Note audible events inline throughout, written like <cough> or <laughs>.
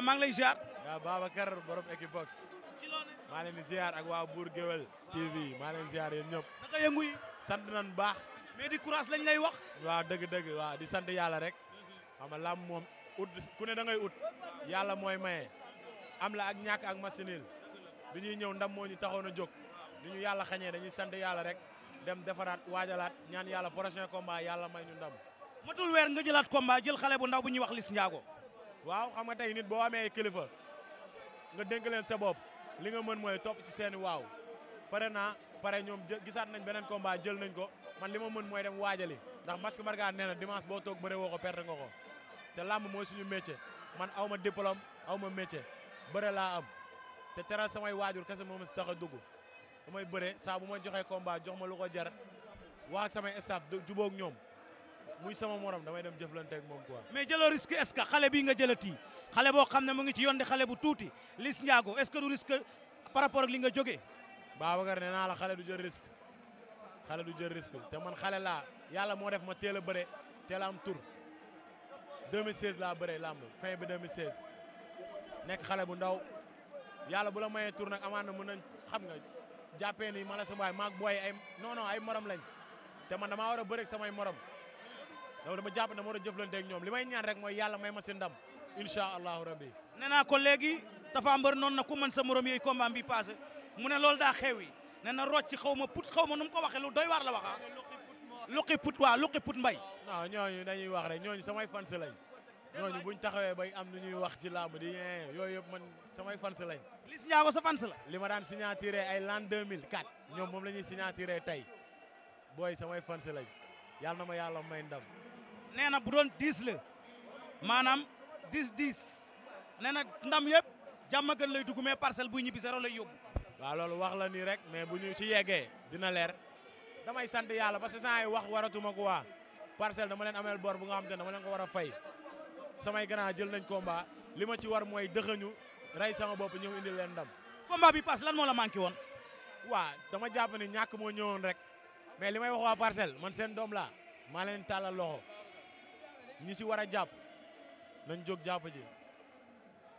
baax maa ngi lay ziar. yaa Babacar borom Equivox. ci loolu maa leen di ziar ak waa Bour Gueweul TV maa leen ziar yéen ñëpp. naka yëngu yi. sant nañu baax. mais di courage lañ lay wax. waa dëgg-dëgg waa di sant yàlla rek. Mm-hmm. xam moom ut ku ne da ngay ut. yàlla mooy maye. am la ak ñàkk ak masinil. bi ñuy ñëw ndam moo ñu taxoon a jóg. di ñu yàlla xañee ñuy sant yàlla rek. dem defaraat waajalaat ñaan yàlla prochain komba yàlla may ñu ndam. matul weer nga jëlaat combat jël wax Liss Ndiago waaw xam nga tey nit boo amee kilifa nga dénk leen sa bopp li nga mën mooy topp ci seeni waaw pare naa pare ñoom gisaat nañ beneen combat jël nañ ko man li ma mën mooy dem waajali ndax Max Mbargane nee na dimanche boo toog bëre woo ko perte nga ko te làmb mooy suñu métier man aw ma diplôme aw ma métier bëre laa am te teral samay waajur kese moom si tax a dugg damay bëre saa bu ma joxee combat jox ma lu ko jar wax ak samay staff jubóog ñoom muy sama morom damay dem jëflante ak moom quoi. mais jëloo risque est ce que xale bii nga jëlati xale boo xam ne mu ngi ci yoon xale bu tuuti Liss Ndiago est ce que du risque par rapport ak li nga jógee. Babacar nee naa la xale du jël risque xale du jël risque te man xale laa yàlla moo def ma teel a bëre teel a am tur 2016 laa bëree làmb fin bi 2016 nekk xale bu ndaw yàlla bu la mayee tur nag amaan na mën nañ xam nga jàppee ni ma la baay maak maag booy ay non ay morom lañ te man damaa war a bëre samay morom. donc dama jàpp na moo doon jëflante ak ñoom li may ñaan rek mooy yàlla may ma si ndam incha allahu rabbi nee naa ko léegi dafa mbër noon na ku man sa morom yooyu combat bi passé mu ne loolu daa xew yi nee na rocc xaw ma put xaw ma nu mu ko waxee lu doy waar la waxa luqi put waa luqi put mbay non ñooñu dañuy wax rek ñooñu samay fans lañ ñooñu ñu taxawee bay am lu ñuy wax ci làmb di yee eh, yooyu yëpp man samay fans lañ Liss Ndiago sa fans la li ma daan signaturé ay l'an 2004 ñoom moom la ñuy signaturé tey booy samay fans lañ yàlla na ma yàlla may ndam nee na bu doon dix la maanaam dix dix nee na ndam yëpp jàmm gën lay dugg mais parcelle buy ñibbi zéro lay yóbbu. waaw loolu wax la nii rek mais bu ñu ci yeggee dina leer damay sant yàlla parce que saa yi wax waratuma ko waa parcelle dama leen ameel boor bu nga xam te ne dama leen ko war a fay samay grand jël nañ combat li ma ci war mooy dëxëñu ray sama bopp ñëw indil leen ndam. combat bi pass lan moo la manqué woon. waa dama jàpp ne ñàkk moo ñëwoon rek mais li may wax waa parcelle man seen doom laa maa leen tàllal loxo. ñi si war a jàpp nañ jóg jàpp ji.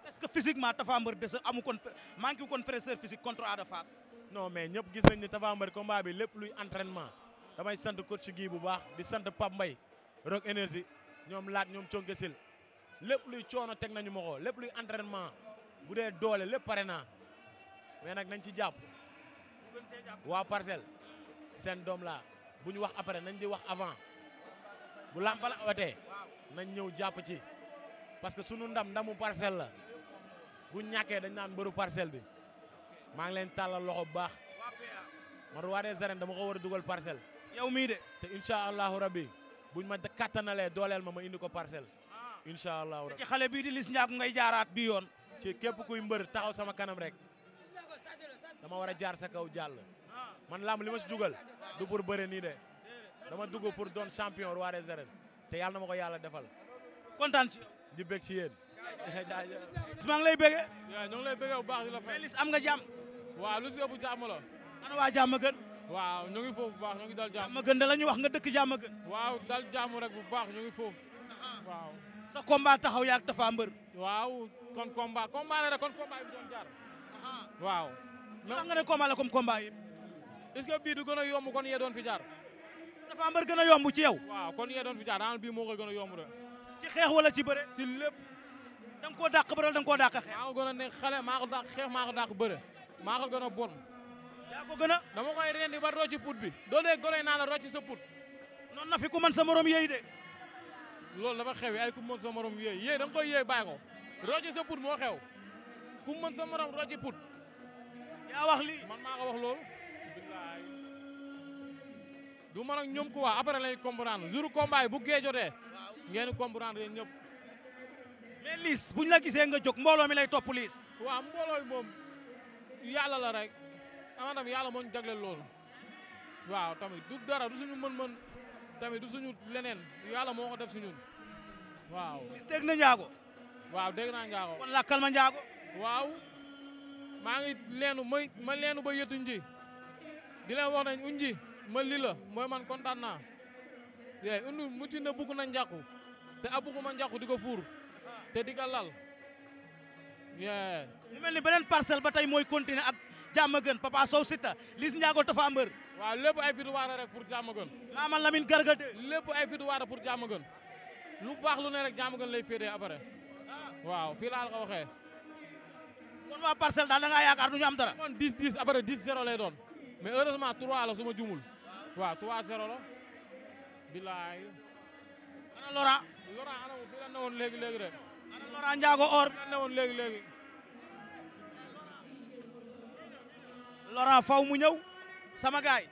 est-ce que physiquement Tapha Mbeur amu kon manqué kon fraîcheur physique contre Ada Fass. non mais ñëpp gis nañ ni Tapha Mbeur combat bi lépp luy entraînement damay sant coach gi bu baax di sant Pape mbay Rock Énergie ñoom laat ñoom conke sil lépp luy coono teg nañu ma ko lépp luy entraînement bu dee doole lépp pare naa mais nag nañ ci jàpp waa parcelle seen doom laa bu ñu wax après nañ di wax avant bu làmpal awatee nañ ñëw jàpp ci parce que sunu ndam ndamu parcelle la bu ñàkkee dañ naan mbëru parcelle bi maa ngi leen tàllal loxo bu baax ma roi des arènes dama ko war a dugal parcelle. yow mii de. te incha allahu rabbi buñ ma kattanalee dooleel ma ma indi ko parcelle. incha allahu rabbi xale bii di Liss Ndiago ngay jaaraat bi yoon. ci képp kuy mbër taxaw sama kanam rek dama war a jaar sa kaw jàll man làmb li ma si dugal du pour bëre nii de. dama dugg pour doon champion roi des te yàlla na ma ko yàlla defal. kontaan ci di bég ci yéen. jaajëf maa ngi lay béggee. waaw ñoo ngi lay béggee bu baax di la fay. am nga jàmm. waaw lu si ëpp jàmm la. ana waa jàmm gën. waaw ñu ngi bu baax ñu dal jàmm. jàmm gën la ñu wax nga dëkk jàmm gën. waaw dal jàmm rek bu baax ñu ngi foofu uh-huh. waaw. sa combat taxaw yaak Tapha Mbeur. waaw kon combat combat la rek kon combat yi doon jaar. Uh-huh. waaw. mais nga ne combat la comme combat yi. est-ce kon dafa mbër gën a yomb ci yow. waaw kon yee doon fi jaar daanaka bii moo koy gën a yomb de. ci xeex wala ci bëre. ci lépp. da nga koo dàq bëre wala da koo dàq ko gën a nekk xale maa ko dàq xeex maa ko dàq bëre. maa ko gën a bon. yaa ko gën a. dama koy rendi rocci put bi. doo dee goroy naa la rocci sa put. noonu na fi ku mën sa morom yéey de. loolu dafa xew ay ku mën sa morom yéey yéey da nga koy yéey bàyyi ko. rocci sa put moo xew. ku mën sa morom rocci put. yaa wax lii man maa ko wax loolu. du man ak ñoom quoi après lañu comprendre jour combat yi bu gee jotee ngeen comprendre ñëpp. mais Liss bu ñu la nga jóg mbooloo mi lay topp Liss. waaw mbooloo yi moom la rek xanaa tamit yàlla moo ñu jagleel loolu waaw tamit du dara du suñu mën-mën tamit du suñu leneen yàlla moo ko def si ñun waaw. Liss na Ndiago. waaw dégg naa Ndiago. ma Ndiago. waaw maa ngi leenu may ma leenu ba yëtu nji di leen wax nañ ma li la mooy man kontaan naa yeey undu muti na bugg na njàqu te a ma njàqu di ko fuur te di ko lal yeey mu mel ni beneen parcelle ba tey mooy continuer ak Diamaguène Papa Sow Siteu Liss Ndiago Tapha Mbeur waaw lépp ay victoire rek pour Diamaguène Mama Lamine Garga de lépp ay victoire pour Diamaguène lu baax lu ne rek Diamaguène lay féetee après ah. waaw fii laa la ko waxee kon waa parcelle daal da yaakaar du am dara kon 10 10 après 10 lay doon mais heureusement 3 la su ma jumul. waaw 3-0 la. bilaay. ana Lora. Lora ana fi la newoon léegi léegi rek. ana Lora faw mu ñëw. sama gaay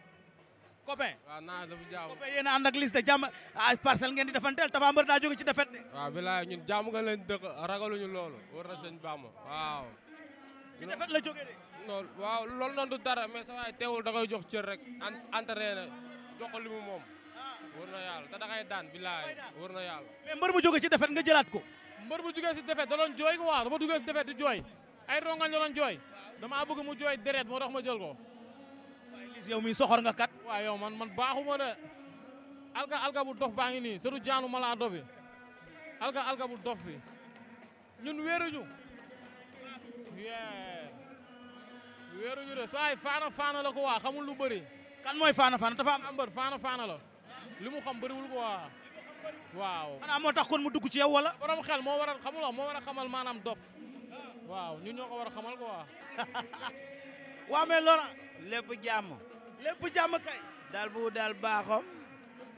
copain waaw naa dafa jaamu copain yéen a ànd ak liste jàmm ay parcelle ngeen di defanteel Tapha Mbeur daa jóge ci defet de. waaw bilaay ñun jaamu nga leen dëkk ragaluñu loolu war na sëñ waaw. ci defet la jógee de. waaw loolu noonu du dara mais sa teewul da koy jox cër rek entraîné jox ko li mu moom. wër na yàlla te da ngay daan bilaay wër na yàlla. mais mbër mu jógee ci defet nga jëlaat ko. mbër mu jógee si defet da jooy waaw da ma duggee si defet di jooy ay rongañ la doon jooy damaa bëgg mu jooy deret moo tax ma jël ko. yow mi soxor nga kat. waaw yow man man baaxuma de alka alka bu dof baa ngi nii surtout jaanu mala dof bi alka alka bu dof bi ñun wéeruñu. wéeruñu de saa yi faana faana la ko waa xamul lu bëri. kan mooy faana faana dafa am. mbër faana faana la li mu xam bëriwul ko waa. waaw xanaa moo tax kon mu dugg ci yow wala. borom xel moo war a moo war a xamal maanaam dof. waaw ñun ñoo ko war a xamal ko waa. <laughs> waa mais Laurent. lépp jàmm. lépp jàmm kay. dal bu dal baaxom.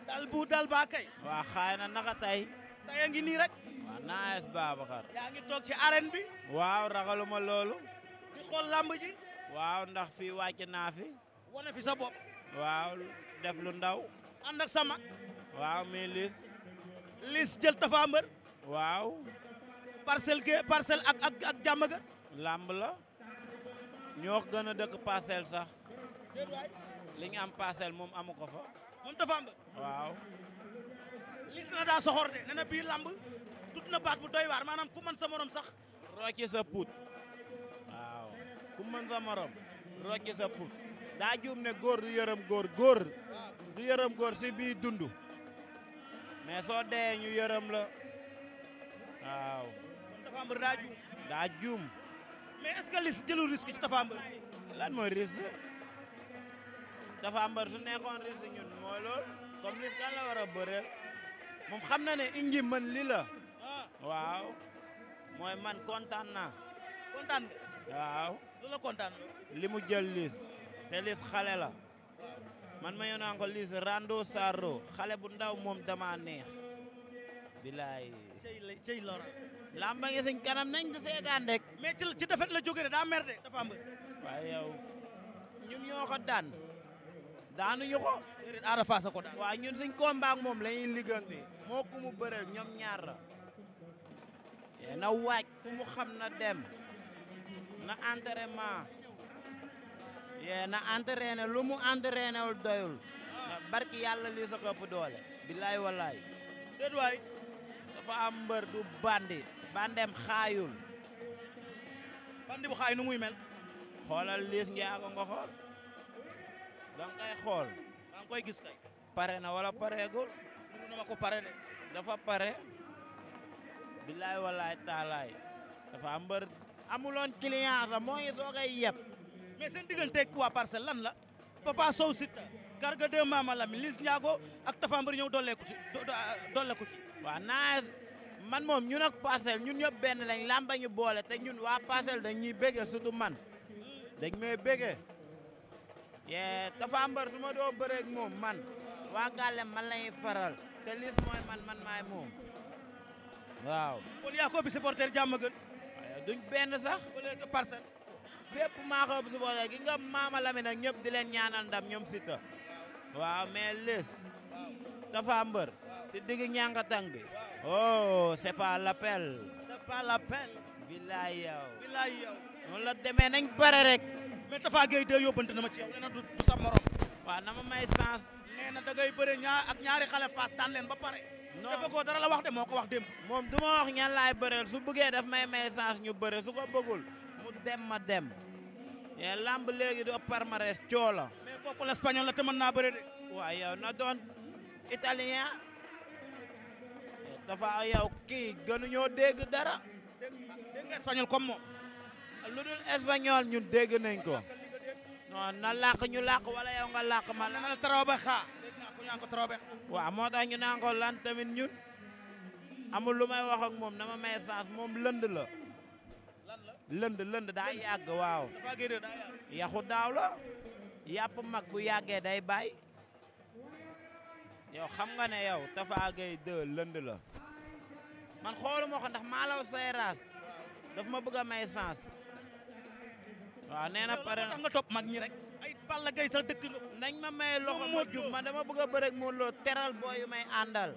dal kay. waa xaay na naka tay. tey a nii rek. waaw ah, naes Babacar yaa ngi toog ci arène bi waaw ragaluma loolu di xool làmb ji waaw ndax fii wàcc naa fi wane fi sa bopp waaw def lu ndaw ànd ak sama waaw mi lis lis jël tafa mbër waaw parcelle ke parcelle ak ak ak jàmm ga làmb la ñoo gën a dëkk parcelle sax li am parcelle moom amu ko fa moom tafa waaw lis na daa soxor de ne bii làmb tudd na baat bu doy waar maanaam ku mën sa morom sax. rocci sa puut waaw ku mën sa morom rocci sa puut daa juum ne góor du yërëm góor góor du yërëm góor si bii dund mais soo dee ñu yërëm la waaw. Tapha daa juum. daa juum. mais est-ce que lis jëlu risque ci Tapha lan mooy risque Tapha su nekkoon risque ñun mooy loolu comme risque kan la war a bëreel xam na ne inji mën li waaw mooy man kontaan naa. waaw. kontaan li mu jël liis te liis xale la man ma yónnee ko liis sarro xale bu ndaw moom dama neex. bilaay. cey la cey lora. lamba ngi suñ kanam nañ di seetaan rek. mais ci ci defet la jógee daa mer de dafa ñun ñoo ko daan. daanuñu ko. déedéet aara faasa ko daan. waaw ñun suñ combat ak moom la ñuy liggante. moo ko mu bëreel ñoom ñaar la. Eh, na waaj fu mu xam na dem na entraînement yee eh, na entraîné lu mu entraîné wul doyul barki yàlla lii sa këpp doole bilaay walaay déet dafa am du bandi bandem xaayul bandi bu xaay nu muy mel xoolal liis njaago nga xool danga koy xool danga koy gis kay pare na wala pareegul nu na ma pare de dafa pare billaay wallaay taalaay dafa mbër amuloon client sax moo yeb mais seen digganteeg waa parcelle lan la Papa Sow Siteu Garga 2 Mama Lamine Liss Ndiago ak Tapha Mbeur ñëw dolleeku ci dolleeku man moom ñun ak ñun ñëpp benn lañ lamba ñu boole te ñun waa parcelle dañ ñuy béggee surtout man dañ may béggee yee Tapha Mbeur su ma doo bëreeg moom man waa gàllem man lañuy faral te Liss mooy man man maay moom waaw jàmm duñ benn sax wala parcelle fépp maa ko ëpp supporter gi nga maama Lamine ak ñëpp dileen leen ñaanal ndam ñoom Siteu waaw mais lés dafa mbër si digg ñàngatang bi oh c'est pas l'appel c'est pas l'appel la demee nañ bare rek mais Tafa Gueye de yóbbante na ma ci yow nee na du sa morom na ma may sens nee ñaari xale faas tànn leen ba pare dafa ko dara la wax de moo ko wax démb moom du ma wax ñan laay bëreel su bëggee daf may may ñu bëre su ko bëggul mu dem ma dem mais lamb léegi du par ma la mais kooku l'espagnol la mën naa bëre de waaw yow na doon italien dafa yow kii gënuñoo dégg dara dégg nga espagnol comme dul espagnol ñun dégg nañ ko non na làq ñu làq wala yow nga làq ma la na taraw ba xaa waaw moo tax ñu naan ko lan tamit ñun amul lu may waxak ak moom na ma may moom lënd la. lënd lënd daa yàgg waaw. yaxu daaw la. yàpp mag bu yàggee day bàyyi. yow xam nga ne yow Tapha Gueye 2 lënd la. man xooluma ko ndax maalaw say raas daf ma bëgg a may sens. nee na pare nga topp mag ñi rek. Balla Gaye sax dëkk nga. nañ ma may loxo ma jub man dama bëgg a bëre ak teral boo yu may àndal.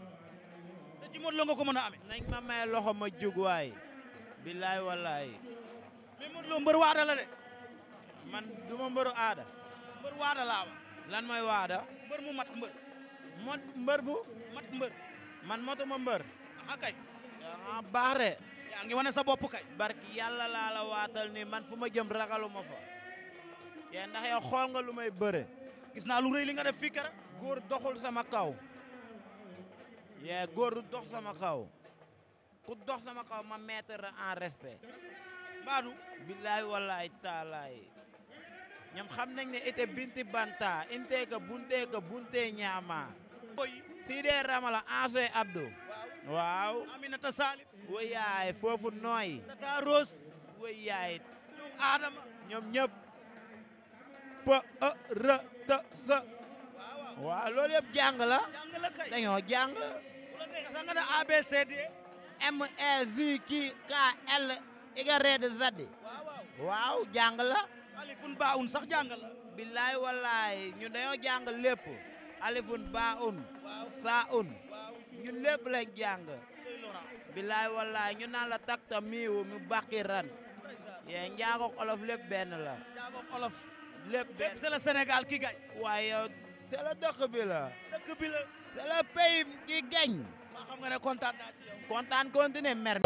te ci Modou Lo nga ko mën a amee. nañ ma loxo ma jug waay. billaay wallaay. mais Modou Lo mbër waada la de. man du ma mbëru aada. mbër waada laa lan mooy waada. mbër mu mat mbër. mot mbër bu. mbër. man kay. ah yaa ngi wane sa bopp kay. barki yàlla laa la waatal ni man fu ma jëm ragaluma fa. yee ndax yow xool nga lu may bëre gis naa lu rëy li nga def fii kara góor doxul sama kaw yee góor du dox sama kaw ku dox sama kaw ma mettre en respect baadu billaay wallaay taalaay ñoom xam nañ ne ite binti banta inte ka bunte ka bunte ñaama sidee ramala ansoy abdou waaw aminata foofu nooy tata rose wayaay adama ñoom ñëpp pa a ra ta sa waaw loolu yëpp jàng la dañoo jàng sax nga ne M E Z Q K L Y Z waaw jàng la alifun sax jàng la billaay wallaay ñun dañoo jàng lépp alifun ba un sa un ñun lépp lañ jàng billaay wallaay ñu naan la takta miiwu mu bàqi ran yee njaagook olof lépp benn la lépp benn c'est le Sénégal qui gagne. waaye c'est le dëkk bi la. dëkk bi maa xam nga ne kontaan naa ci yow. kontaan continuer mer.